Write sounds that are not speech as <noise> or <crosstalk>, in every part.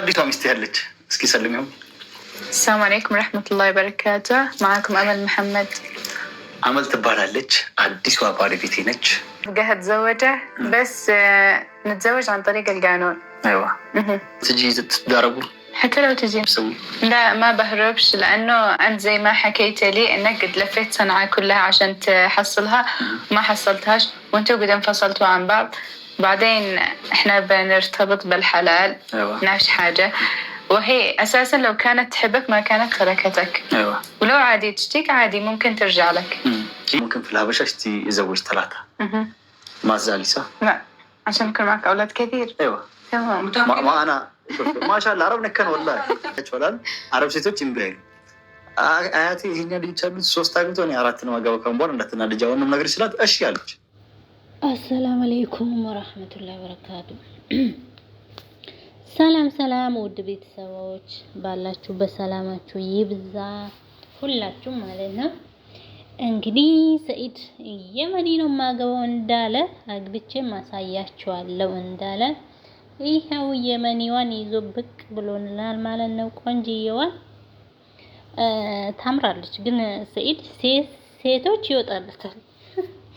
አዲሷ ሚስት ያለች እስኪ ሰልም ይሁን። ሰላም አለይኩም ረህመቱላ በረካቱ። ማዕኩም አመል መሐመድ አመል ትባላለች። አዲሷ ባለቤቴ ነች። ገህት ዘወደ በስ ንትዘወጅ አንጠሪቅ ልጋኖን ዋ ትጂ ትዳረጉ حتى لو تجي مسوي لا ما بهربش لانه انت زي ما حكيت لي انك قد لفيت صنعاء كلها عشان تحصلها ما حصلتهاش وانتو قد انفصلتوا عن بعض بعدين احنا بنرتبط بالحلال أيوة. نعرفش حاجه وهي اساسا لو كانت تحبك ما كانت تركتك ايوه ولو عادي تشتيك عادي ممكن ترجع لك مم. ممكن في الهبشه اشتي يزوج ثلاثه ما زال صح؟ لا عشان يكون معك اولاد كثير ايوه تمام ما, ما انا ማሻላ አረብ ነካ ነው ወላሂ ይችላል። አረብ ሴቶች እምቢ አይሉ አያቴ ይሄኛ ልጅቻ አሉት ሶስት አግብቶ እኔ አራት ነው አገባ ከንቧን እንዳትና ልጅ አሁንም ነገር ይችላል። እሺ አለች። አሰላም አለይኩም ወረህመቱላሂ ወበረካቱ። ሰላም ሰላም፣ ውድ ቤተሰቦች ባላችሁ በሰላማችሁ ይብዛ ሁላችሁም ማለት ነው። እንግዲህ ሰኢድ የመኒ ነው የማገባው እንዳለ አግብቼ ማሳያችኋለሁ እንዳለ ይኸው የመኒዋን ይዞ ብቅ ብሎንላል ማለት ነው። ቆንጅየዋን ታምራለች። ግን ሰኢድ ሴቶች ይወጣለታል። <laughs>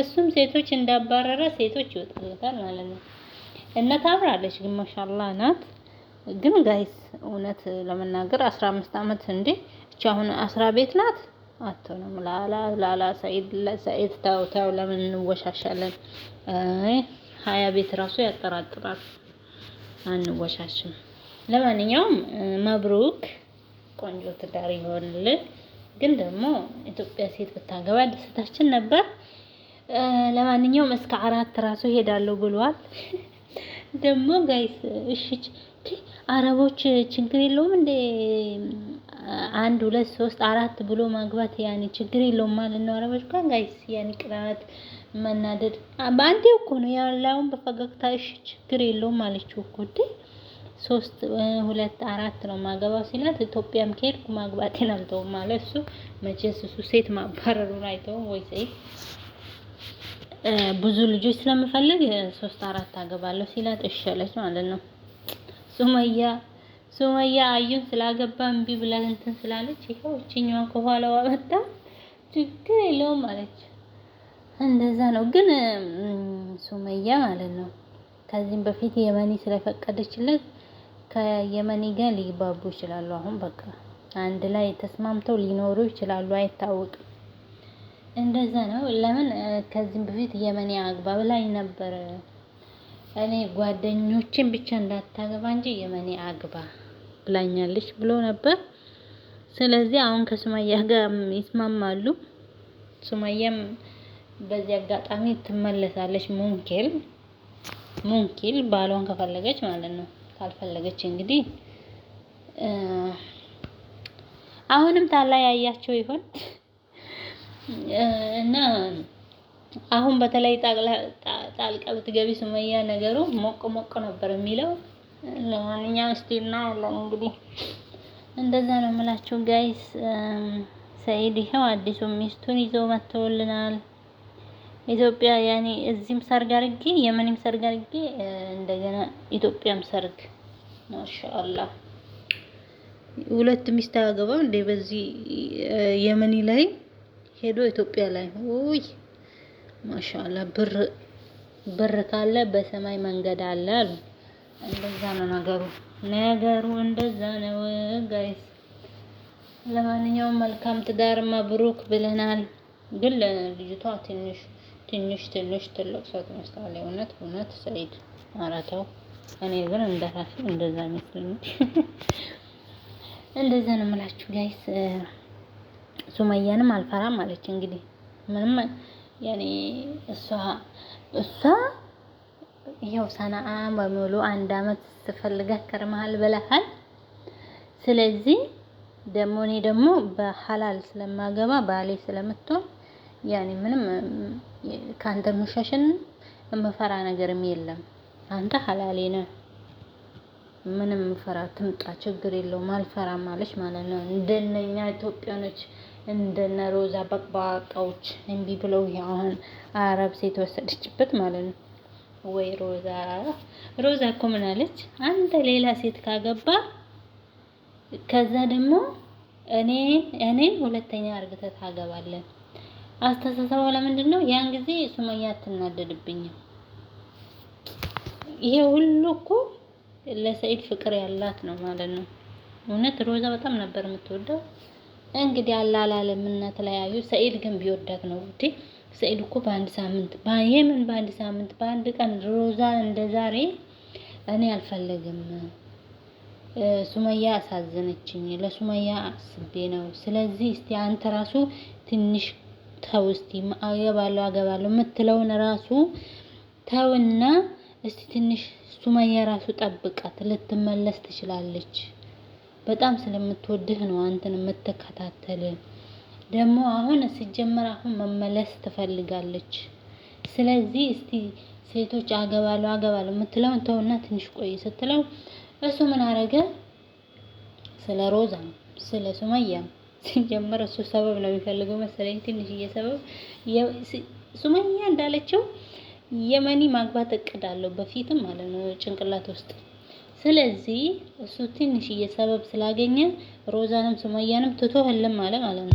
እሱም ሴቶች እንዳባረረ ሴቶች ይወጣለታል ማለት ነው። እና ታምራለች። ግን ማሻላ ናት። ግን ጋይስ እውነት ለመናገር 15 ዓመት እንዴ እቺ አሁን አስራ ቤት ናት አትሆንም። ላላ ላላ ሰኢድ ሰኢድ ታው ታው ለምን እንወሻሻለን? አይ ሀያ ቤት ራሱ ያጠራጥራል። አንወሻሽም። ለማንኛውም መብሩክ ቆንጆ ትዳር ይሆንልን። ግን ደግሞ ኢትዮጵያ ሴት ብታገባ ደስታችን ነበር። ለማንኛውም እስከ አራት ራሱ ሄዳለሁ ብሏል። ደግሞ ጋይስ እሺ፣ አረቦች ችግር የለውም እንደ አንድ ሁለት ሶስት አራት ብሎ ማግባት ያኔ ችግር የለውም ማለት ነው። አረቦች ጋር ጋይስ ያኔ ቅናት፣ መናደድ በአንዴ እኮ ነው ያላውን በፈገግታ እሺ ችግር የለውም አለችው እኮ እንዴ ሶስት ሁለት አራት ነው ማገባው ሲላት ኢትዮጵያም ከሄድኩ ማግባቴን አልተውም ማለት እሱ መቼስ እሱ ሴት ማባረሩን አይተውም ወይ ሰይ ብዙ ልጆች ስለምፈልግ ሶስት አራት አገባለሁ ሲላት እሸለች ማለት ነው ሱመያ ሱመያ አዩን ስላገባ እምቢ ብላ እንትን ስላለች ይኸው እችኛዋን ከኋላዋ መጣ ችግር የለውም አለች። እንደዛ ነው ግን ሱመያ ማለት ነው። ከዚህም በፊት የመኒ ስለፈቀደችለት ከየመኒ ጋር ሊግባቡ ይችላሉ። አሁን በቃ አንድ ላይ ተስማምተው ሊኖሩ ይችላሉ፣ አይታወቅም። እንደዛ ነው። ለምን ከዚህም በፊት የመኒ አግባብ ላይ ነበር እኔ ጓደኞችን ብቻ እንዳታገባ እንጂ የመኔ አግባ ብላኛለች ብሎ ነበር። ስለዚህ አሁን ከሱማያ ጋር ይስማማሉ። ሱማያም በዚህ አጋጣሚ ትመለሳለች። ሙንኪል ሙንኪል ባሏን ከፈለገች ማለት ነው። ካልፈለገች እንግዲህ አሁንም ታላያያቸው ይሆን እና አሁን በተለይ ጣልቃ ብትገቢ ሱመያ ነገሩ ሞቅ ሞቅ ነበር የሚለው ለማንኛውም እስቲ እናያለን። እንግዲህ እንደዛ ነው የምላችሁ ጋይስ። ሰይድ ይኸው አዲሱ ሚስቱን ይዞ መጥተውልናል። ኢትዮጵያ ያኔ እዚህም ሰርግ አድርጌ የመንም ሰርግ አድርጌ እንደገና ኢትዮጵያም ሰርግ ማሻአላ ሁለት ሚስት አያገባም እንዴ? በዚህ የመኒ ላይ ሄዶ ኢትዮጵያ ላይ ኦይ ማሻአላ ብር ብር ካለ በሰማይ መንገድ አለ አሉ። እንደዛ ነው ነገሩ። ነገሩ እንደዛ ነው ጋይስ። ለማንኛውም መልካም ትዳር መብሩክ ብለናል። ግን ልጅቷ ትንሽ ትንሽ ትንሽ ትልቅ ሰው ትመስላለች። እውነት እውነት ሰይድ ኧረ እኔ ግን እንደራሴ እንደዛ ይመስለኛል። <laughs> እንደዛ ነው የምላችሁ ጋይስ። ሱመያንም አልፈራም አለች እንግዲህ ምንም ያኔ እሷ እሷ ይኸው ሰናአን በሙሉ አንድ አመት ስትፈልጋት ከርመሃል ብለሃል። ስለዚህ ደግሞ እኔ ደግሞ በሐላል ስለማገባ ባሌ ስለምትሆን ያኔ ምንም ከአንተ መሸሽን የምፈራ ነገርም የለም። አንተ ሐላሌ ነህ፣ ምንም ፈራ ትምጣ ችግር የለውም አልፈራም አለች ማለት ነው። እንደነኛ ኢትዮጵያኖች እንደነ ሮዛ በቅባቃዎች እምቢ ብለው ያሁን አረብ ሴት ወሰደችበት ማለት ነው። ወይ ሮዛ ሮዛ እኮ ምን አለች? አንተ ሌላ ሴት ካገባ ከዛ ደግሞ እኔ እኔ ሁለተኛ አርግተህ ታገባለህ። አስተሳሰቧ ለምንድን ነው? ያን ጊዜ ሱመያ አትናደድብኝም። ይሄ ሁሉ እኮ ለሰኢድ ፍቅር ያላት ነው ማለት ነው። እውነት ሮዛ በጣም ነበር የምትወደው። እንግዲህ አላላለም እና ተለያዩ። ሰኢድ ግን ቢወዳት ነው እንዴ ሰኢድ እኮ በአንድ ሳምንት የምን በአንድ ሳምንት በአንድ ቀን ሮዛ እንደ ዛሬ እኔ አልፈለግም። ሱመያ አሳዘነችኝ። ለሱመያ አስቤ ነው። ስለዚህ እስቲ አንተ ራሱ ትንሽ ተው እስቲ አገባለሁ አገባለሁ የምትለውን ራሱ ተውና እስቲ ትንሽ ሱመያ ራሱ ጠብቃት፣ ልትመለስ ትችላለች። በጣም ስለምትወድህ ነው አንተን የምትከታተል። ደግሞ አሁን ሲጀመር አሁን መመለስ ትፈልጋለች። ስለዚህ እስቲ ሴቶች አገባለሁ አገባለሁ የምትለውን ተውና ትንሽ ቆይ ስትለው እሱ ምን አረገ? ስለ ሮዛ ስለ ሱመያ ነው ሲጀመር እሱ ሰበብ ነው የሚፈልገው መሰለኝ። ትንሽ እየሰበብ ሱመያ እንዳለችው የመኒ ማግባት እቅድ አለው በፊትም ማለት ነው ጭንቅላት ውስጥ። ስለዚህ እሱ ትንሽ እየሰበብ ስላገኘ ሮዛንም ሱመያንም ትቶ ህልም አለ ማለት ነው።